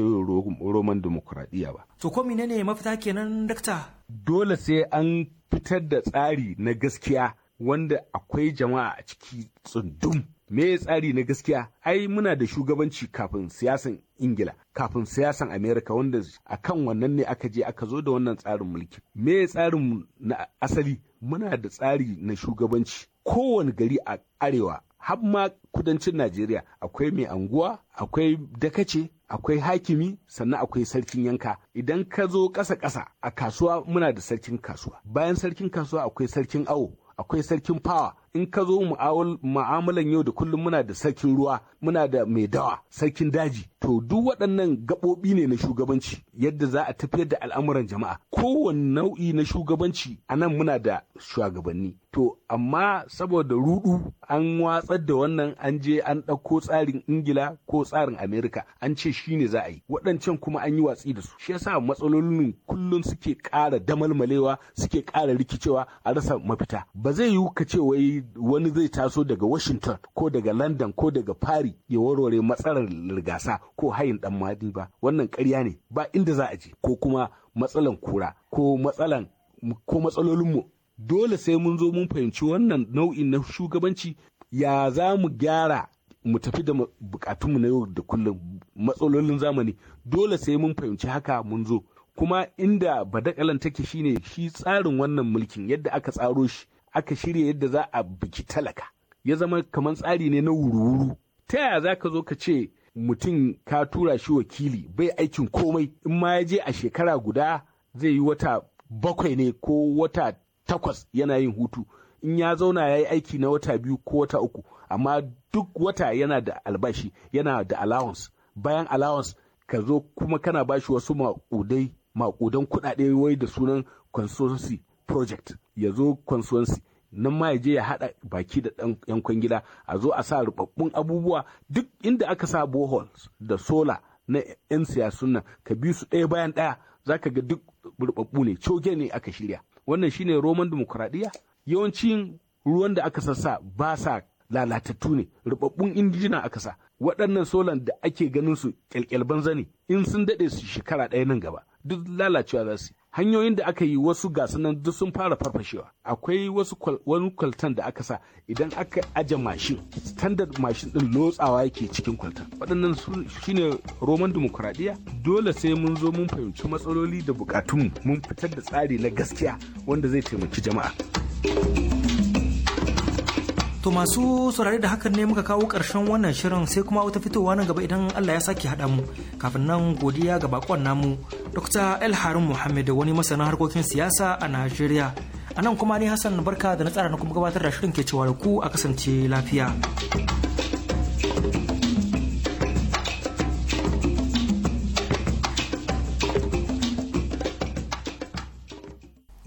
roman demokuraɗiyya ba. To ko menene mafita kenan dakta? Dole sai an fitar da tsari na gaskiya wanda akwai jama'a a ciki tsundum. Me tsari na gaskiya? Ai muna da shugabanci kafin siyasan Ingila, kafin siyasan Amerika wanda a kan wannan ne aka je aka zo da wannan tsarin mulki. Me tsarin na asali? Muna da tsari na shugabanci. Kowane gari a arewa har ma kudancin Najeriya akwai mai anguwa, akwai dakace, akwai hakimi, sannan akwai sarkin yanka. Idan ka zo ƙasa-ƙasa a kasuwa muna da sarkin kasuwa. Bayan sarkin kasuwa akwai sarkin awo, akwai sarkin fawa, in ka zo mu'amalan yau da kullum muna da sarkin ruwa muna da mai dawa sarkin daji to duk waɗannan gaɓoɓi ne na shugabanci yadda za a tafiyar da al'amuran jama'a kowane nau'i na shugabanci a nan muna da shugabanni to amma saboda rudu an watsar da wannan an je an ɗauko tsarin ingila ko tsarin amerika an ce shine za a yi waɗancan kuma an yi watsi da su shi yasa matsalolin kullum suke ƙara damalmalewa suke ƙara rikicewa a rasa mafita ba zai yiwu ka ce wai wani zai taso daga washington ko daga london ko daga paris ya warware matsalar rigasa ko hayin dan madi ba wannan karya ne ba inda za a je ko kuma matsalan kura ko matsalan ko matsalolinmu dole sai mun zo mun fahimci wannan nau'in na shugabanci ya za mu gyara mu tafi da bukatunmu na yau da kullum matsalolin zamani dole sai mun fahimci haka mun zo kuma inda badakalan take shine shi tsarin wannan mulkin yadda aka tsaro shi aka shirya yadda za a biki talaka ya zama kamar tsari ne na wuru-wuru ta yaya za ka zo ka ce mutum ka tura shi wakili bai aikin komai in ma ya je a shekara guda zai yi wata bakwai ne ko wata takwas yana yin hutu in ya zauna ya yi aiki na wata biyu ko wata uku amma duk wata yana da albashi yana da allowance bayan allowance ka zo kuma kana bashi wasu maƙudai maƙudan kuɗaɗe wai da sunan consultancy project ya zo kwansuwansi nan ma ya je ya haɗa baki da ɗan gida a zo a sa rubabbun abubuwa duk inda aka sa bohol da sola na 'yan siyasun ka bi su ɗaya bayan ɗaya za ka ga duk rubabbu ne coge ne aka shirya wannan shine roman demokuraɗiyya yawancin ruwan da aka sassa ba sa lalatattu ne rubabbun injina aka sa waɗannan solan da ake ganin su kyalkyal banza ne in sun daɗe su shekara ɗaya nan gaba duk lalacewa za su hanyoyin da aka yi wasu gasunan duk sun fara farfashewa akwai wasu wani kwaltan da aka sa idan aka aje mashin standard mashin din lotsawa yake cikin kwaltan waɗannan shine roman dimokuraɗiyya dole sai mun zo mun fahimci matsaloli da bukatunmu mun fitar da tsari na gaskiya wanda zai taimaki jama'a. To masu saurare da hakan ne muka kawo ƙarshen wannan shirin sai kuma wata fitowa nan gaba idan Allah ya sake haɗa mu kafin nan godiya ga bakon namu Dr. El Harun Muhammad wani masanin harkokin siyasa a Najeriya. A nan kuma ni Hassan Barka da na tsara na kuma gabatar da shirin ke cewa ku a kasance lafiya.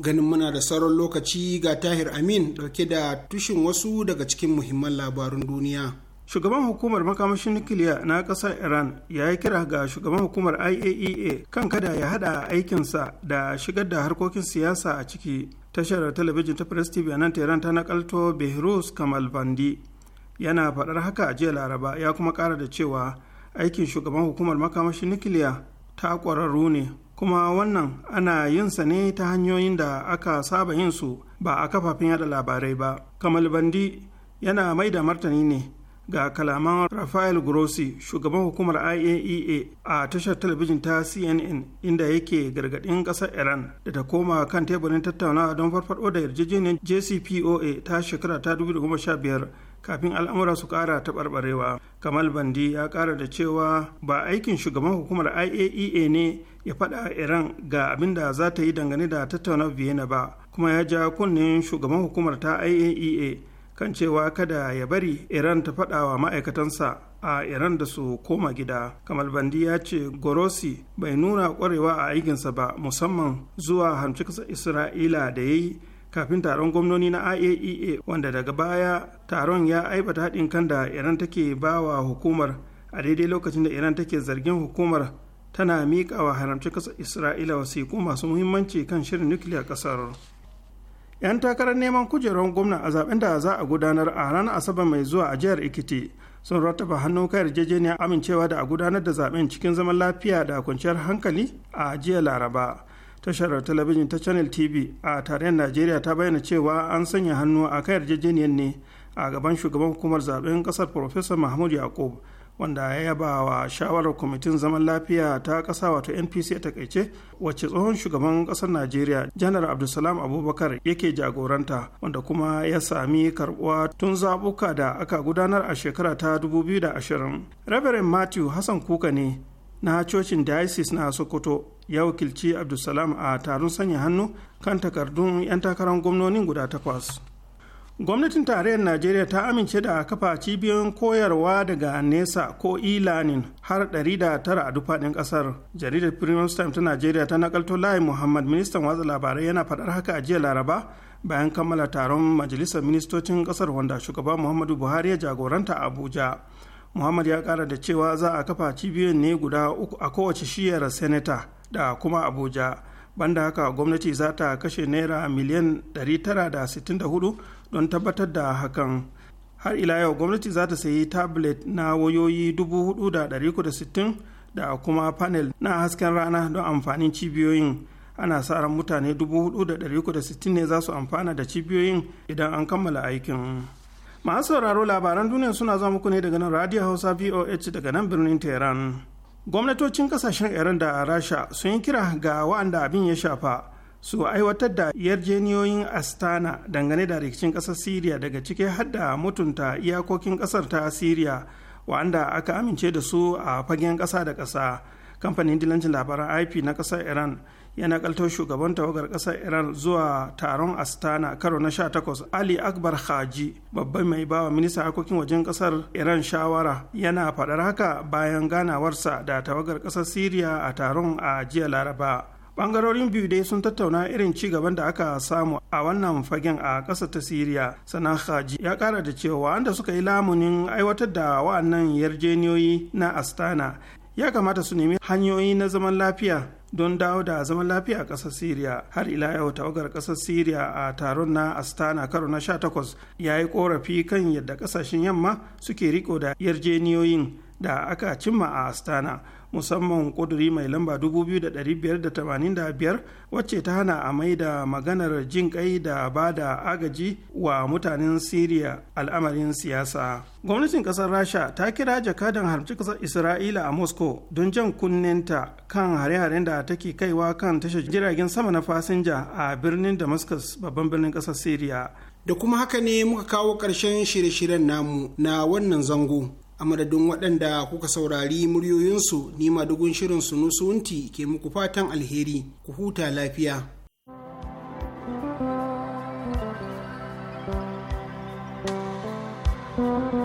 ganin muna da sauran lokaci ga tahir amin dauke da tushen wasu daga cikin muhimman labarun duniya shugaban hukumar makamashin nukiliya na kasar iran ya yi kira ga shugaban hukumar iaea e kan kada ya hada aikinsa da shigar da harkokin siyasa a ciki tashar talabijin ta press tv a nan tehran ta nakalto behrus kamal bandi yana faɗar haka a jiya laraba ya kuma ƙara da cewa aikin shugaban hukumar makamashin nukiliya ta ƙwararru ne kuma wannan ana yin sa ne ta hanyoyin da aka saba yin su ba a kafafen yada labarai ba kamal bandi yana mai da martani ne ga kalaman rafael grossi shugaban hukumar iaea e a tashar talabijin ta cnn inda yake gargadin kasar iran da ta koma kan teburin tattaunawa don farfado da yarjejeniyar jcpoa ta shekara ta 2015 kafin al'amura su kara taɓarɓarewa kamal bandi ya kara da cewa ba aikin shugaban hukumar iaea e ne ya faɗa iran ga abin da za ta yi dangane da tattauna vienna ba kuma ya ja kunnen shugaban hukumar ta iaea e kan cewa kada ya bari iran ta faɗa wa ma'aikatansa a iran da su koma gida kamal bandi ya ce gorosi bai nuna ƙwarewa a aikinsa ba musamman zuwa hamci isra'ila da ya yi kafin taron gwamnoni na iaea e wanda daga baya taron ya aibata haɗin kan da iran take ba wa hukumar a daidai lokacin da iran take zargin hukumar tana miƙa wa haramci ƙasar isra'ila wasiƙu masu muhimmanci kan shirin nukiliya ƙasar 'yan takarar neman kujerar gwamna a zaɓen da za a gudanar a ranar asabar mai zuwa a jihar ikiti sun rattaba hannu kan yarjejeniyar amincewa da a gudanar da zaɓen cikin zaman lafiya da kwanciyar hankali a jiya laraba tashar talabijin ta channel tv a tarayyar najeriya ta bayyana cewa an sanya hannu a kan yarjejeniyar ne a gaban shugaban hukumar zaɓen kasar professor mahmud yakub wanda ya yaba wa shawarar kwamitin zaman lafiya ta ƙasa wato npc a takaice wacce tsohon shugaban ƙasar najeriya janar abdulsalam abubakar yake jagoranta wanda kuma ya sami karbuwa tun zaɓuka da aka gudanar a shekara ta 2020 reverend matthew hassan kuka ne na cocin diocese na sokoto ya wakilci abdulsalam a taron sanya hannu kan takardun 'yan takarar gwamnonin guda takwas gwamnatin tarayyar najeriya ta amince da kafa cibiyoyin koyarwa daga nesa ko e-learning har tara a dufaɗin ƙasar jaridar premium time ta najeriya ta nakalto layi muhammad ministan watsa labarai yana faɗar haka a jiya laraba bayan kammala taron majalisar ministocin ƙasar wanda shugaban muhammadu buhari ya jagoranta a abuja muhammad ya kara da cewa za a kafa cibiyoyin ne guda uku a kowace shiyar senata da kuma abuja banda haka gwamnati za ta kashe naira miliyan 964 don tabbatar da hakan har ila yau gwamnati za ta sayi tablet na wayoyi 4,360 da kuma panel na hasken rana don amfanin cibiyoyin ana sa ran mutane 4,360 ne za su amfana da cibiyoyin idan an kammala aikin masu sauraro labaran duniya suna zama muku ne daga nan radio hausa voh daga nan birnin tehran gwamnatocin kasashen iran da rasha sun yi kira ga wa'anda abin ya shafa su aiwatar da yarjeniyoyin astana dangane da rikicin ƙasar syria daga ciki hadda mutunta iyakokin ƙasar ta syria wa'anda aka amince da su a fagen ƙasa da ƙasa kamfanin dilancin labaran ip na kasar iran yana kaltar shugaban tawagar ƙasar iran zuwa taron astana karo na 18 ali akbar haji babban mai bawa minista harkokin wajen ƙasar iran shawara yana faɗar haka bayan ganawarsa da tawagar ƙasar syria a taron a jiya laraba bangarorin biyu dai sun tattauna irin ci gaban da aka samu a wannan fagen a ƙasa ta siriya sana haji ya ƙara da cewa wanda suka yi lamunin aiwatar da wa'annan yarjeniyoyi na astana ya kamata su nemi hanyoyi na zaman lafiya don dawo da zaman lafiya a ƙasar Siriya har ila yau tawagar ƙasar Siriya a taron na Astana karo na sha takwas ya yi korafi kan yadda ƙasashen yamma suke riko da yarjeniyoyin da aka cimma a Astana musamman ƙuduri mai lamba 2585 wacce ta hana a mai da maganar jin kai da ba da agaji wa mutanen siriya al'amarin siyasa gwamnatin ƙasar rasha ta kira jakadan harci ƙasar isra'ila a moscow don jan kunnenta kan hare-haren da take kaiwa kan tashar jiragen sama na fasinja a birnin damascus babban birnin ƙasar siriya da kuma haka ne muka kawo ƙarshen shirye-shiryen namu na wannan zango a madadin waɗanda kuka saurari muryoyinsu ni madugun shirin wunti ke muku fatan alheri ku huta lafiya thank you